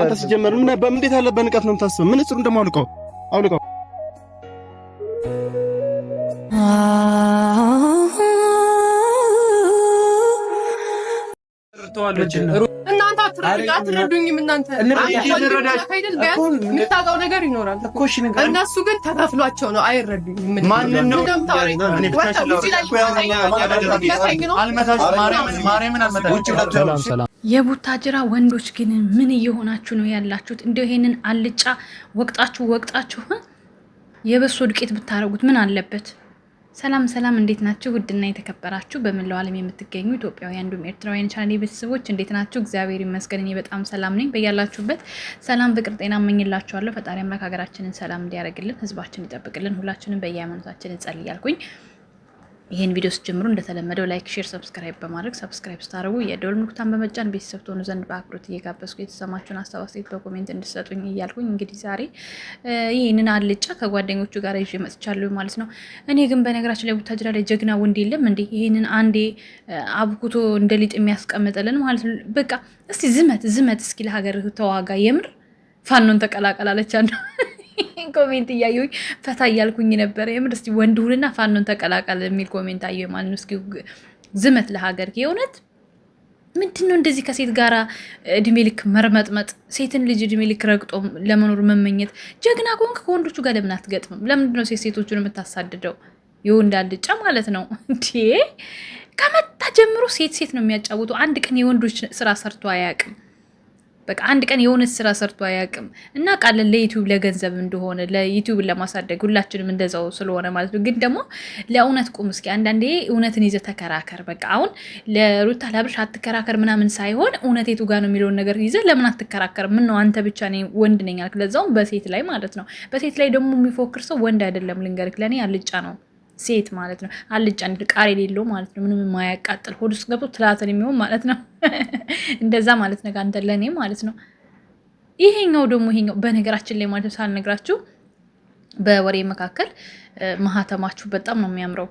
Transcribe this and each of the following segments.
አንተ ሲጀመር ምን እንዴት ያለ በንቀት ነው የምታስበው? ምን ጽሩን ደግሞ አውልቀው አውልቀው ነገር ግን ሰላም ሰላም የቡታጅራ ወንዶች ግን ምን እየሆናችሁ ነው ያላችሁት? እንዲ ይሄንን አልጫ ወቅጣችሁ ወቅጣችሁ የበሶ ዱቄት ብታደርጉት ምን አለበት? ሰላም ሰላም፣ እንዴት ናችሁ? ውድና የተከበራችሁ በመላው ዓለም የምትገኙ ኢትዮጵያውያን እንዲሁም ኤርትራውያን ቻኔ ቤተሰቦች እንዴት ናችሁ? እግዚአብሔር ይመስገን እኔ በጣም ሰላም ነኝ። በያላችሁበት ሰላም፣ ፍቅር፣ ጤና እመኝላችኋለሁ። ፈጣሪ አምላክ ሀገራችንን ሰላም እንዲያደርግልን፣ ህዝባችን ይጠብቅልን። ሁላችንም በየሃይማኖታችን እንጸልያልኩኝ ይህን ቪዲዮ ስጀምሩ እንደተለመደው ላይክ፣ ሼር፣ ሰብስክራይብ በማድረግ ሰብስክራይብ ስታደርጉ የደወል ምልክቱን በመጫን ቤተሰብ ትሆኑ ዘንድ በአክብሮት እየጋበዝኩ የተሰማችሁን ሀሳብ አስተያየት በኮሜንት እንድሰጡኝ እያልኩኝ እንግዲህ ዛሬ ይህንን አልጫ ከጓደኞቹ ጋር ይዤ መጥቻለሁ ማለት ነው። እኔ ግን በነገራችን ላይ ቡታጅራ ላይ ጀግና ወንድ የለም እንዴ? ይህንን አንዴ አብኩቶ እንደ ሊጥ የሚያስቀምጥልን ማለት ነው። በቃ እስቲ ዝመት ዝመት፣ እስኪ ለሀገር ተዋጋ፣ የምር ፋኖን ተቀላቀላለች አንዱ ኮሜንት እያየሁኝ ፈታ እያልኩኝ ነበረ። የምር እስኪ ወንድሁንና ፋኖን ተቀላቀል የሚል ኮሜንት አየሁ ማለት ነው። እስኪ ዝመት ለሀገር የእውነት ምንድን ነው እንደዚህ ከሴት ጋር እድሜ ልክ መርመጥመጥ፣ ሴትን ልጅ እድሜ ልክ ረግጦ ለመኖር መመኘት። ጀግና ከሆንክ ከወንዶቹ ጋር ለምን አትገጥምም? ለምንድን ነው ሴት ሴቶቹን የምታሳድደው? የወንድ እንዳልጫ ማለት ነው እንዴ? ከመጣ ጀምሮ ሴት ሴት ነው የሚያጫውቱ። አንድ ቀን የወንዶች ስራ ሰርቶ አያውቅም። በቃ አንድ ቀን የሆነ ስራ ሰርቶ አያውቅም እና ቃለን ለዩቱብ ለገንዘብ እንደሆነ ለዩቲዩብን ለማሳደግ ሁላችንም እንደዛው ስለሆነ ማለት ነው። ግን ደግሞ ለእውነት ቁም እስኪ አንዳንዴ እውነትን ይዘ ተከራከር። በቃ አሁን ለሩታ ለአብርሽ አትከራከር ምናምን ሳይሆን እውነት የቱ ጋር ነው የሚለውን ነገር ይዘ ለምን አትከራከር? ምን ነው አንተ ብቻ እኔ ወንድ ነኝ አልክ፣ ለዛውም በሴት ላይ ማለት ነው። በሴት ላይ ደግሞ የሚፎክር ሰው ወንድ አይደለም ልንገርክ፣ ለእኔ አልጫ ነው። ሴት ማለት ነው። አልጫ ቃር የሌለው ማለት ነው። ምንም የማያቃጥል ሆድ ውስጥ ገብቶ ትላትን የሚሆን ማለት ነው። እንደዛ ማለት ነገር አንተ ለእኔ ማለት ነው። ይሄኛው ደግሞ ይሄኛው በነገራችን ላይ ማለት ሳልነግራችሁ በወሬ መካከል ማህተማችሁ በጣም ነው የሚያምረው።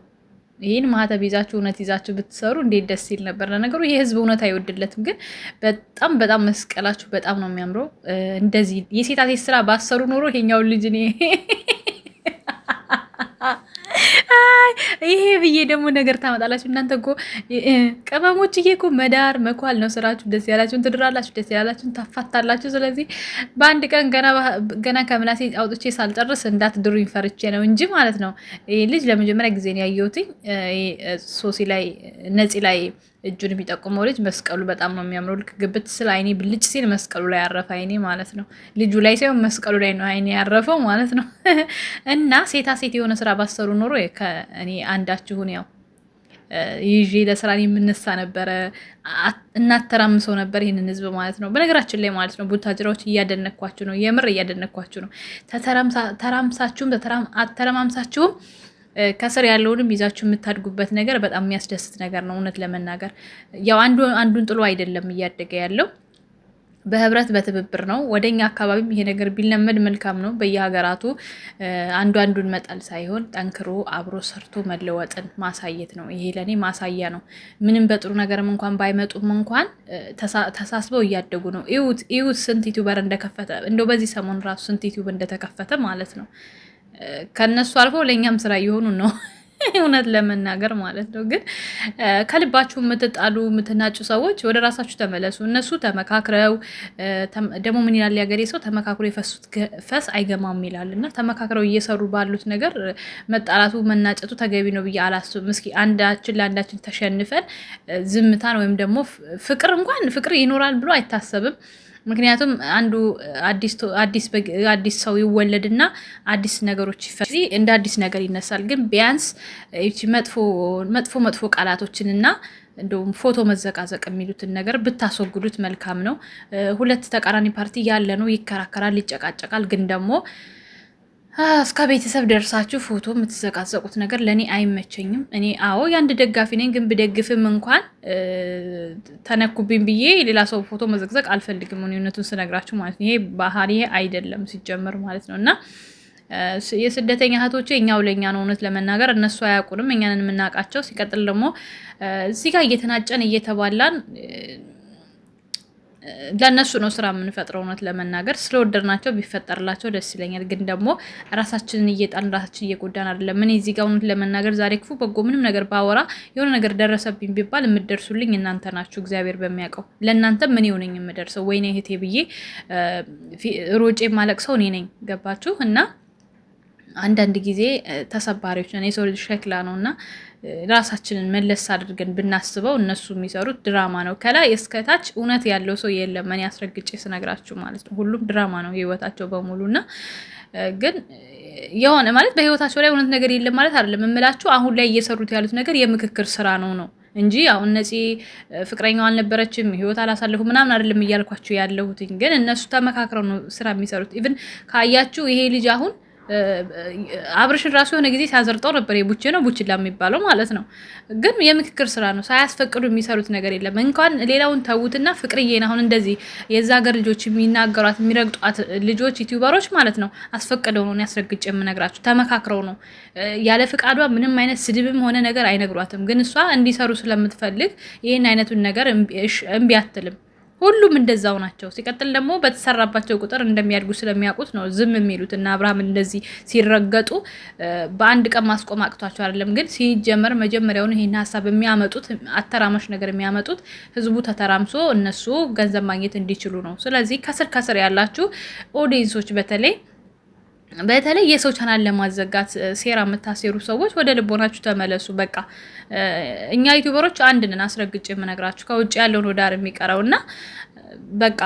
ይህን ማህተብ ይዛችሁ እውነት ይዛችሁ ብትሰሩ እንዴት ደስ ሲል ነበር። ለነገሩ ህዝብ እውነት አይወድለትም፣ ግን በጣም በጣም መስቀላችሁ በጣም ነው የሚያምረው። እንደዚህ የሴታሴት ስራ ባሰሩ ኖሮ ይሄኛውን ልጅ እኔ አይ ይሄ ብዬ ደግሞ ነገር ታመጣላችሁ። እናንተ እኮ ቅመሞች እኮ መዳር መኳል ነው ስራችሁ። ደስ ያላችሁን ትድራላችሁ፣ ደስ ያላችሁን ታፋታላችሁ። ስለዚህ በአንድ ቀን ገና ከምናሴ አውጥቼ ሳልጨርስ እንዳትድሩኝ ፈርቼ ነው እንጂ ማለት ነው። ይሄ ልጅ ለመጀመሪያ ጊዜ ያየሁትኝ ሶሲ ላይ ነፂ ላይ እጁን የሚጠቁመው ልጅ መስቀሉ በጣም ነው የሚያምረው። ልክ ግብት ስል አይኔ ብልጭ ሲል መስቀሉ ላይ ያረፈ አይኔ ማለት ነው። ልጁ ላይ ሳይሆን መስቀሉ ላይ ነው አይኔ ያረፈው ማለት ነው። እና ሴታ ሴት የሆነ ስራ ባሰሩ ኖሮ እኔ አንዳችሁን ያው ይዤ ለስራ የምነሳ ነበረ፣ እናተራምሰው ነበር ይህንን ህዝብ ማለት ነው። በነገራችን ላይ ማለት ነው ቡታጅራዎች እያደነኳችሁ ነው፣ የምር እያደነኳችሁ ነው። ተራምሳችሁም አተረማምሳችሁም ከስር ያለውንም ይዛችሁ የምታድጉበት ነገር በጣም የሚያስደስት ነገር ነው። እውነት ለመናገር ያው አንዱን ጥሎ አይደለም እያደገ ያለው በህብረት በትብብር ነው። ወደኛ አካባቢም ይሄ ነገር ቢለመድ መልካም ነው። በየሀገራቱ አንዱ አንዱን መጣል ሳይሆን ጠንክሮ አብሮ ሰርቶ መለወጥን ማሳየት ነው። ይሄ ለእኔ ማሳያ ነው። ምንም በጥሩ ነገርም እንኳን ባይመጡም እንኳን ተሳስበው እያደጉ ነው። እዩት፣ እዩት ስንት ዩቱበር እንደከፈተ እንደው በዚህ ሰሞን ራሱ ስንት ዩቱብ እንደተከፈተ ማለት ነው። ከነሱ አልፎ ለእኛም ስራ እየሆኑ ነው። እውነት ለመናገር ማለት ነው። ግን ከልባችሁ የምትጣሉ የምትናጩ ሰዎች ወደ ራሳችሁ ተመለሱ። እነሱ ተመካክረው ደግሞ ምን ይላል ያገሬ ሰው ተመካክሮ የፈሱት ፈስ አይገማም ይላል እና ተመካክረው እየሰሩ ባሉት ነገር መጣላቱ መናጨቱ ተገቢ ነው ብዬ አላስብም። እስኪ አንዳችን ለአንዳችን ተሸንፈን ዝምታን ወይም ደግሞ ፍቅር እንኳን ፍቅር ይኖራል ብሎ አይታሰብም ምክንያቱም አንዱ አዲስ ሰው ይወለድና አዲስ ነገሮች ይፈ እንደ አዲስ ነገር ይነሳል። ግን ቢያንስ መጥፎ መጥፎ ቃላቶችን እና እንደውም ፎቶ መዘቃዘቅ የሚሉትን ነገር ብታስወግዱት መልካም ነው። ሁለት ተቃራኒ ፓርቲ ያለ ነው፣ ይከራከራል፣ ይጨቃጨቃል ግን ደግሞ እስከ ቤተሰብ ደርሳችሁ ፎቶ የምትዘቃዘቁት ነገር ለእኔ አይመቸኝም። እኔ አዎ የአንድ ደጋፊ ነኝ፣ ግን ብደግፍም እንኳን ተነኩብኝ ብዬ ሌላ ሰው ፎቶ መዘቅዘቅ አልፈልግም። እውነቱን ስነግራችሁ ማለት ነው። ይሄ ባህሪ አይደለም ሲጀመር ማለት ነው። እና የስደተኛ እህቶቼ እኛው ለእኛ ነው፣ እውነት ለመናገር እነሱ አያውቁንም፣ እኛንን የምናውቃቸው። ሲቀጥል ደግሞ እዚህ ጋር እየተናጨን እየተባላን ለእነሱ ነው ስራ የምንፈጥረው። እውነት ለመናገር ስለወደድናቸው ቢፈጠርላቸው ደስ ይለኛል። ግን ደግሞ ራሳችንን እየጣልን ራሳችን እየጎዳን አይደለም። ምን እዚህ ጋር እውነት ለመናገር ዛሬ ክፉ በጎ ምንም ነገር ባወራ የሆነ ነገር ደረሰብኝ ቢባል የምደርሱልኝ እናንተ ናችሁ። እግዚአብሔር በሚያውቀው ለእናንተ ምን የሆነኝ የምደርሰው ወይኔ እህቴ ብዬ ሮጬ ማለቅ ሰው እኔ ነኝ። ገባችሁ እና አንዳንድ ጊዜ ተሰባሪዎች ነን። የሰው ልጅ ሸክላ ነው እና ራሳችንን መለስ አድርገን ብናስበው እነሱ የሚሰሩት ድራማ ነው። ከላይ እስከታች እውነት ያለው ሰው የለም። እኔ አስረግጬ ስነግራችሁ ማለት ነው። ሁሉም ድራማ ነው ህይወታቸው በሙሉ እና ግን የሆነ ማለት በህይወታቸው ላይ እውነት ነገር የለም ማለት አይደለም የምላችሁ። አሁን ላይ እየሰሩት ያሉት ነገር የምክክር ስራ ነው ነው እንጂ አሁን እነዚህ ፍቅረኛው አልነበረችም ህይወት አላሳለፉ ምናምን አይደለም እያልኳቸው ያለሁትኝ። ግን እነሱ ተመካክረው ነው ስራ የሚሰሩት። ኢቭን ካያችሁ ይሄ ልጅ አሁን አብርሽን ራሱ የሆነ ጊዜ ሲያዘርጠው ነበር። የቡቼ ነው ቡችላ የሚባለው ማለት ነው። ግን የምክክር ስራ ነው። ሳያስፈቅዱ የሚሰሩት ነገር የለም። እንኳን ሌላውን ተዉትና ፍቅርዬን አሁን እንደዚህ የዛ ሀገር ልጆች የሚናገሯት የሚረግጧት ልጆች ዩቲዩበሮች ማለት ነው አስፈቅደው ነው ያስረግጭ የምነግራቸው። ተመካክረው ነው ያለ ፍቃዷ ምንም አይነት ስድብም ሆነ ነገር አይነግሯትም። ግን እሷ እንዲሰሩ ስለምትፈልግ ይህን አይነቱን ነገር እምቢ አትልም። ሁሉም እንደዛው ናቸው። ሲቀጥል ደግሞ በተሰራባቸው ቁጥር እንደሚያድጉ ስለሚያውቁት ነው ዝም የሚሉት እና አብርሃም እንደዚህ ሲረገጡ በአንድ ቀን ማስቆም አቅቷቸው አይደለም። ግን ሲጀመር መጀመሪያውን ይህን ሀሳብ የሚያመጡት አተራማሽ ነገር የሚያመጡት ህዝቡ ተተራምሶ እነሱ ገንዘብ ማግኘት እንዲችሉ ነው። ስለዚህ ከስር ከስር ያላችሁ ኦዲየንሶች በተለይ በተለይ የሰው ቻናል ለማዘጋት ሴራ የምታሴሩ ሰዎች ወደ ልቦናችሁ ተመለሱ። በቃ እኛ ዩቱበሮች አንድ ነን፣ አስረግጬ የምነግራችሁ ከውጭ ያለውን ወዳር የሚቀረው እና በቃ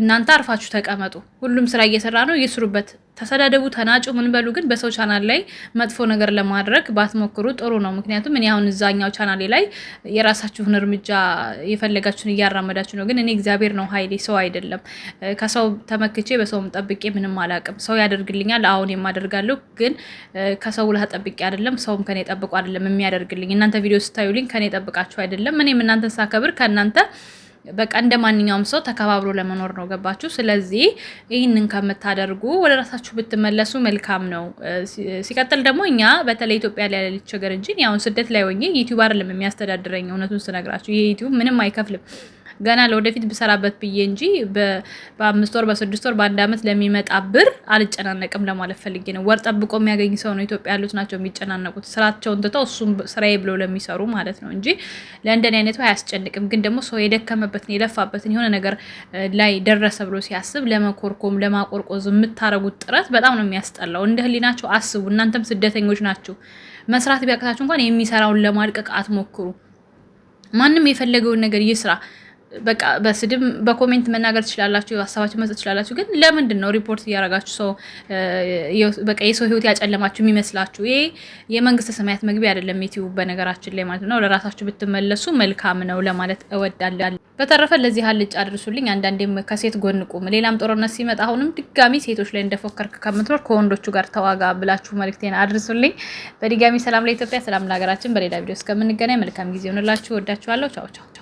እናንተ አርፋችሁ ተቀመጡ። ሁሉም ስራ እየሰራ ነው፣ ይስሩበት። ተሰዳደቡ፣ ተናጩ፣ ምን በሉ፣ ግን በሰው ቻናል ላይ መጥፎ ነገር ለማድረግ ባትሞክሩ ጥሩ ነው። ምክንያቱም እኔ አሁን እዛኛው ቻናሌ ላይ የራሳችሁን እርምጃ የፈለጋችሁን እያራመዳችሁ ነው። ግን እኔ እግዚአብሔር ነው ኃይሌ፣ ሰው አይደለም። ከሰው ተመክቼ በሰውም ጠብቄ ምንም አላቅም። ሰው ያደርግልኛል፣ አሁን የማደርጋለሁ። ግን ከሰው ላ ጠብቄ አይደለም፣ ሰውም ከኔ ጠብቆ አይደለም የሚያደርግልኝ። እናንተ ቪዲዮ ስታዩልኝ ከኔ ጠብቃችሁ አይደለም። እኔም እናንተን ሳከብር ከእናንተ በቃ እንደ ማንኛውም ሰው ተከባብሮ ለመኖር ነው። ገባችሁ? ስለዚህ ይህንን ከምታደርጉ ወደ ራሳችሁ ብትመለሱ መልካም ነው። ሲቀጥል ደግሞ እኛ በተለይ ኢትዮጵያ ላይ ያለች ሀገር እንጂ አሁን ስደት ላይ ሆኜ ዩቲዩብ አይደለም የሚያስተዳድረኝ። እውነቱን ስነግራችሁ ይህ ዩቲዩብ ምንም አይከፍልም። ገና ለወደፊት ብሰራበት ብዬ እንጂ በአምስት ወር በስድስት ወር በአንድ ዓመት ለሚመጣ ብር አልጨናነቅም ለማለት ፈልጌ ነው። ወር ጠብቆ የሚያገኝ ሰው ነው ኢትዮጵያ ያሉት ናቸው የሚጨናነቁት፣ ስራቸውን ትተው እሱም ስራዬ ብለው ለሚሰሩ ማለት ነው እንጂ ለእንደኔ አይነቱ አያስጨንቅም። ግን ደግሞ ሰው የደከመበትን የለፋበትን የሆነ ነገር ላይ ደረሰ ብሎ ሲያስብ ለመኮርኮም ለማቆርቆዝ የምታረጉት ጥረት በጣም ነው የሚያስጠላው። እንደ ህሊናቸው አስቡ። እናንተም ስደተኞች ናችሁ። መስራት ቢያቅታችሁ እንኳን የሚሰራውን ለማድቀቅ አትሞክሩ። ማንም የፈለገውን ነገር ይስራ። በቃ በስድብ በኮሜንት መናገር ትችላላችሁ፣ ሀሳባችሁ መስጠት ትችላላችሁ። ግን ለምንድን ነው ሪፖርት እያደረጋችሁ ሰው በቃ የሰው ህይወት ያጨለማችሁ የሚመስላችሁ? ይሄ የመንግስተ ሰማያት መግቢያ አይደለም ዩቲዩብ በነገራችን ላይ ማለት ነው። ለራሳችሁ ብትመለሱ መልካም ነው ለማለት እወዳለሁ። በተረፈ ለዚህ አልጭ አድርሱልኝ። አንዳንዴም ከሴት ጎን ቁም። ሌላም ጦርነት ሲመጣ አሁንም ድጋሚ ሴቶች ላይ እንደፎከርክ ከምትኖር ከወንዶቹ ጋር ተዋጋ ብላችሁ መልክቴን አድርሱልኝ። በድጋሚ ሰላም ለኢትዮጵያ፣ ሰላም ለሀገራችን። በሌላ ቪዲዮ እስከምንገናኝ መልካም ጊዜ ሆንላችሁ። ወዳችኋለሁ። ቻው ቻው